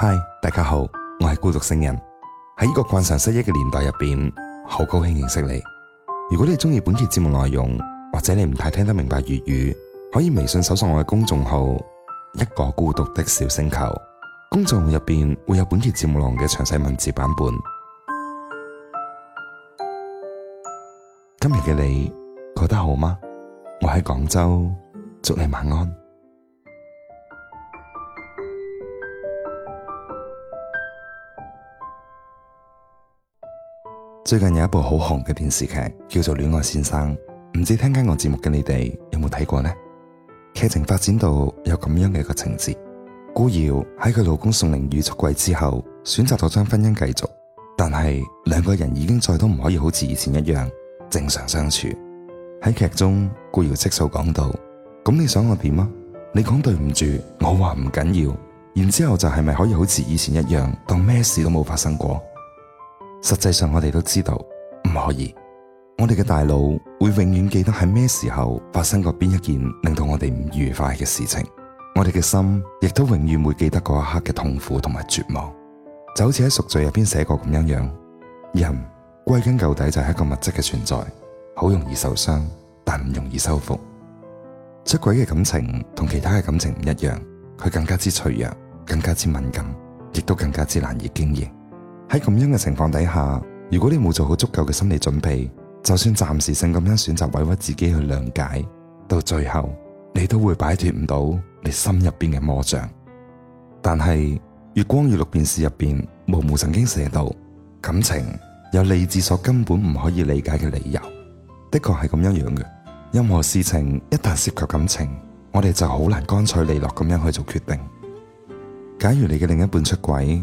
嗨，Hi, 大家好，我係孤獨星人。喺呢個慣常失憶嘅年代入邊，好高興認識你。如果你中意本期節目內容，或者你唔太聽得明白粵語，可以微信搜索我嘅公眾號一個孤獨的小星球，公眾入邊會有本期節目內容嘅詳細文字版本。今日嘅你覺得好嗎？我喺廣州，祝你晚安。最近有一部好紅嘅電視劇，叫做《戀愛先生》，唔知聽緊我節目嘅你哋有冇睇過呢？劇情發展到有咁樣嘅一個情節，顧瑤喺佢老公宋寧宇出軌之後，選擇咗將婚姻繼續，但係兩個人已經再都唔可以好似以前一樣正常相處。喺劇中，顧瑤即數講到：咁你想我點啊？你講對唔住，我話唔緊要，然之後就係咪可以好似以前一樣，當咩事都冇發生過？實際上我哋都知道唔可以，我哋嘅大腦會永遠記得喺咩時候發生過邊一件令到我哋唔愉快嘅事情，我哋嘅心亦都永遠會記得嗰一刻嘅痛苦同埋絕望。就好似喺贖罪入邊寫過咁樣樣，人歸根究底就係一個物質嘅存在，好容易受傷，但唔容易修復。出軌嘅感情同其他嘅感情唔一樣，佢更加之脆弱，更加之敏感，亦都更加之難以經營。喺咁樣嘅情況底下，如果你冇做好足夠嘅心理準備，就算暫時性咁樣選擇委屈自己去諒解，到最後你都會擺脫唔到你心入邊嘅魔障。但係《月光與六便士》入邊毛姆曾經寫到，感情有理智所根本唔可以理解嘅理由，的確係咁樣樣嘅。任何事情一旦涉及感情，我哋就好難乾脆利落咁樣去做決定。假如你嘅另一半出軌，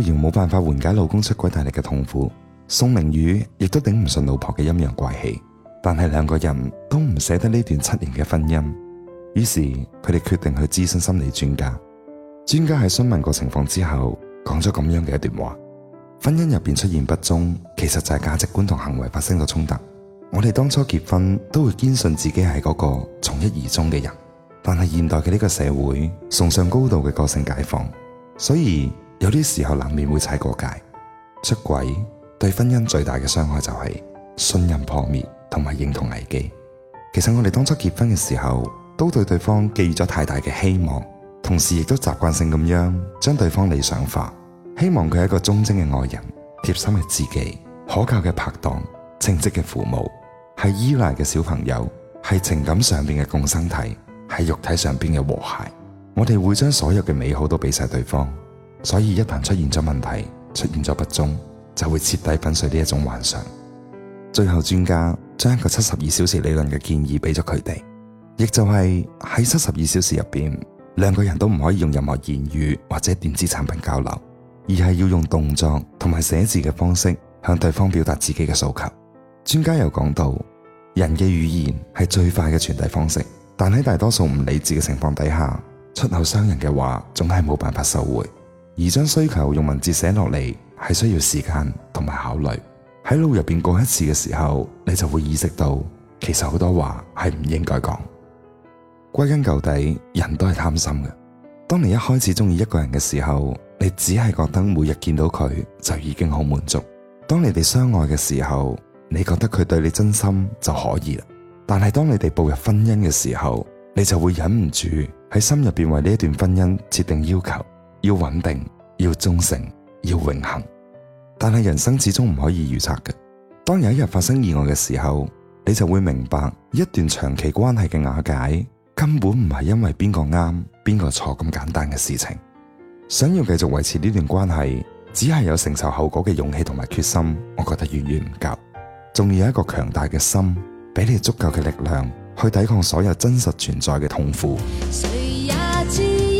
仍然冇辦法緩解老公出軌帶嚟嘅痛苦，宋明宇亦都頂唔順老婆嘅陰陽怪氣，但係兩個人都唔捨得呢段七年嘅婚姻，於是佢哋決定去諮詢心理專家。專家喺詢問過情況之後，講咗咁樣嘅一段話：婚姻入邊出現不忠，其實就係價值觀同行為發生咗衝突。我哋當初結婚都會堅信自己係嗰個從一而終嘅人，但係現代嘅呢個社會崇尚高度嘅個性解放，所以，有啲時候難免會踩過界，出軌對婚姻最大嘅傷害就係信任破滅同埋認同危機。其實我哋當初結婚嘅時候，都對對方寄予咗太大嘅希望，同時亦都習慣性咁樣將對方理想化，希望佢係一個忠貞嘅愛人、貼心嘅知己、可靠嘅拍檔、稱職嘅父母、係依賴嘅小朋友、係情感上邊嘅共生體、係肉體上邊嘅和諧。我哋會將所有嘅美好都俾晒對方。所以一旦出現咗問題，出現咗不忠，就會徹底粉碎呢一種幻想。最後，專家將一個七十二小時理論嘅建議俾咗佢哋，亦就係喺七十二小時入邊，兩個人都唔可以用任何言語或者電子產品交流，而係要用動作同埋寫字嘅方式向對方表達自己嘅訴求。專家又講到，人嘅語言係最快嘅傳遞方式，但喺大多數唔理智嘅情況底下，出口傷人嘅話，總係冇辦法收回。而將需求用文字寫落嚟係需要時間同埋考慮。喺腦入邊過一次嘅時候，你就會意識到，其實好多話係唔應該講。歸根究底，人都係貪心嘅。當你一開始中意一個人嘅時候，你只係覺得每日見到佢就已經好滿足。當你哋相愛嘅時候，你覺得佢對你真心就可以啦。但係當你哋步入婚姻嘅時候，你就會忍唔住喺心入邊為呢一段婚姻設定要求。要穩定，要忠誠，要永恒，但係人生始終唔可以預測嘅。當有一日發生意外嘅時候，你就會明白一段長期關係嘅瓦解根本唔係因為邊個啱邊個錯咁簡單嘅事情。想要繼續維持呢段關係，只係有承受後果嘅勇氣同埋決心，我覺得遠遠唔夠。仲要有一個強大嘅心，俾你足夠嘅力量去抵抗所有真實存在嘅痛苦。誰也知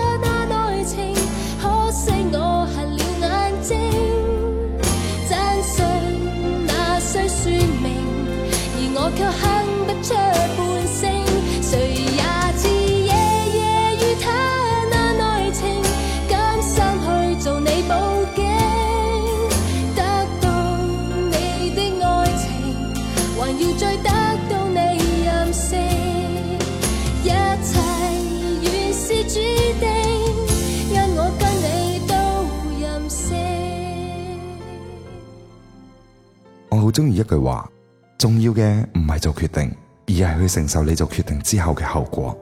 我中意一句話，重要嘅唔係做決定，而係去承受你做決定之後嘅後果。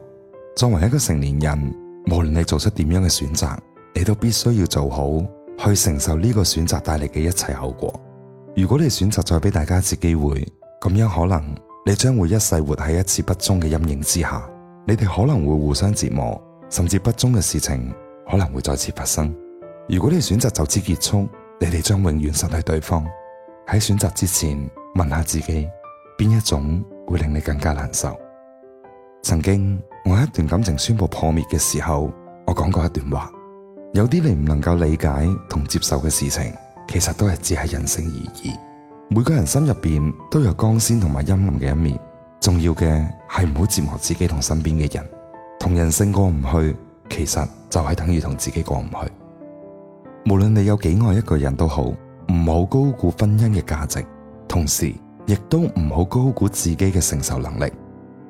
作為一個成年人，無論你做出點樣嘅選擇，你都必須要做好去承受呢個選擇帶嚟嘅一切後果。如果你選擇再俾大家一次機會，咁樣可能你將會一世活喺一次不忠嘅陰影之下。你哋可能會互相折磨，甚至不忠嘅事情可能會再次發生。如果你選擇就此結束，你哋將永遠失去對方。喺選擇之前，問下自己，邊一種會令你更加難受？曾經我喺一段感情宣布破滅嘅時候，我講過一段話：有啲你唔能夠理解同接受嘅事情，其實都係只係人性而已。每個人心入邊都有光鮮同埋陰暗嘅一面，重要嘅係唔好折磨自己同身邊嘅人。同人性過唔去，其實就係等於同自己過唔去。無論你有幾愛一個人都好。唔好高估婚姻嘅價值，同時亦都唔好高估自己嘅承受能力。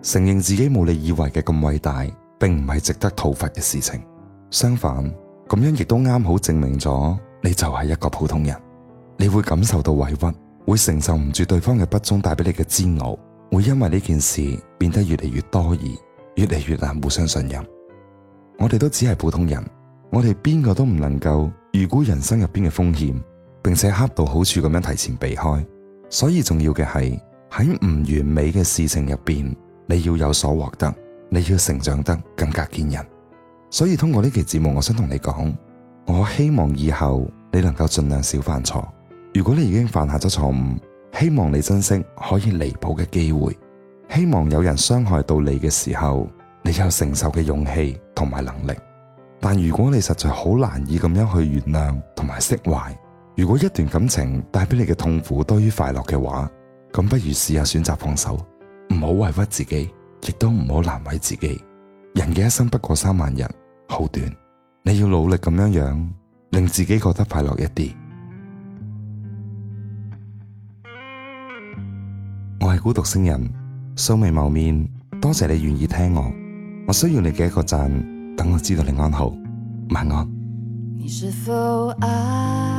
承認自己冇你以為嘅咁偉大，並唔係值得討伐嘅事情。相反，咁樣亦都啱好證明咗你就係一個普通人。你會感受到委屈，會承受唔住對方嘅不忠帶俾你嘅煎熬，會因為呢件事變得越嚟越多疑，越嚟越難互相信任。我哋都只係普通人，我哋邊個都唔能夠預估人生入邊嘅風險。並且恰到好處咁樣提前避開，所以重要嘅係喺唔完美嘅事情入邊，你要有所獲得，你要成長得更加堅韌。所以通過呢期節目，我想同你講，我希望以後你能夠盡量少犯錯。如果你已經犯下咗錯誤，希望你珍惜可以彌補嘅機會。希望有人傷害到你嘅時候，你有承受嘅勇氣同埋能力。但如果你實在好難以咁樣去原諒同埋釋懷。如果一段感情帶俾你嘅痛苦多於快樂嘅話，咁不如試下選擇放手，唔好委屈自己，亦都唔好難為自己。人嘅一生不過三萬日，好短，你要努力咁樣樣，令自己覺得快樂一啲。我係孤獨星人，素未謀面，多謝你願意聽我。我需要你嘅一個讚，等我知道你安好，晚安。你是否愛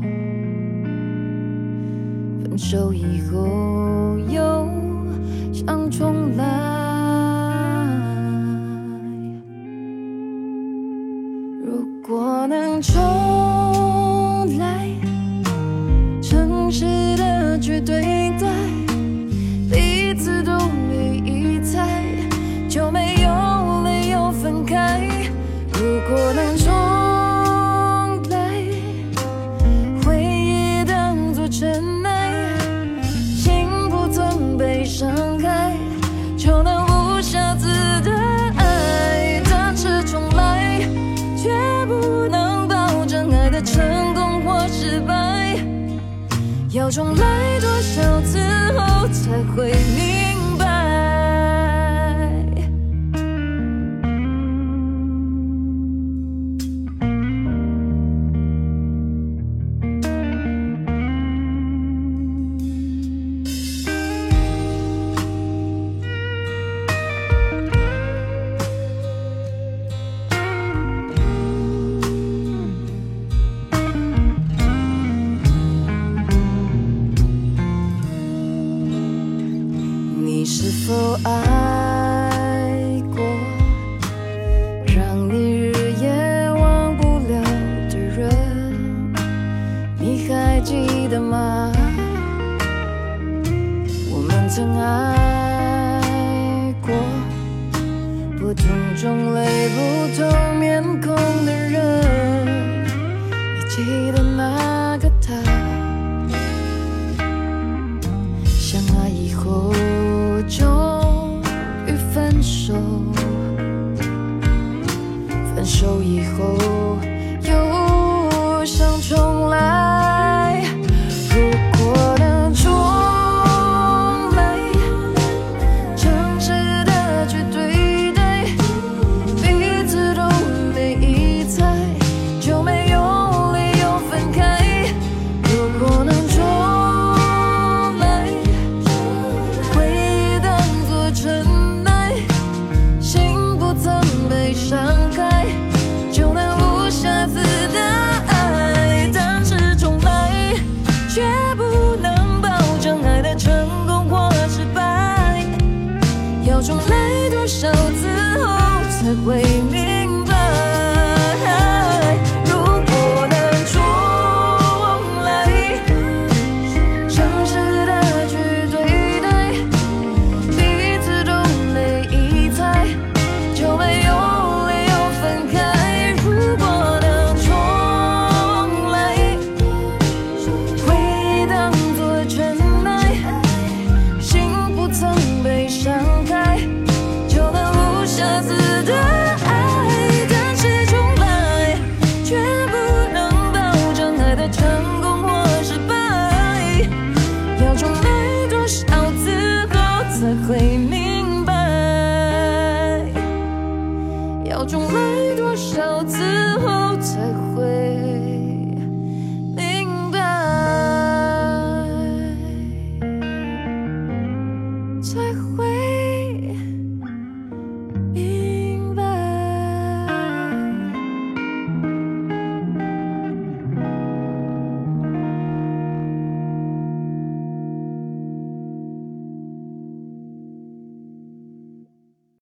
分手以後。要重來多少次後才會明？記得嗎？我們曾愛過，不同種類、不同面孔的人。你記得那個他？相愛以後，終於分手。分手以後。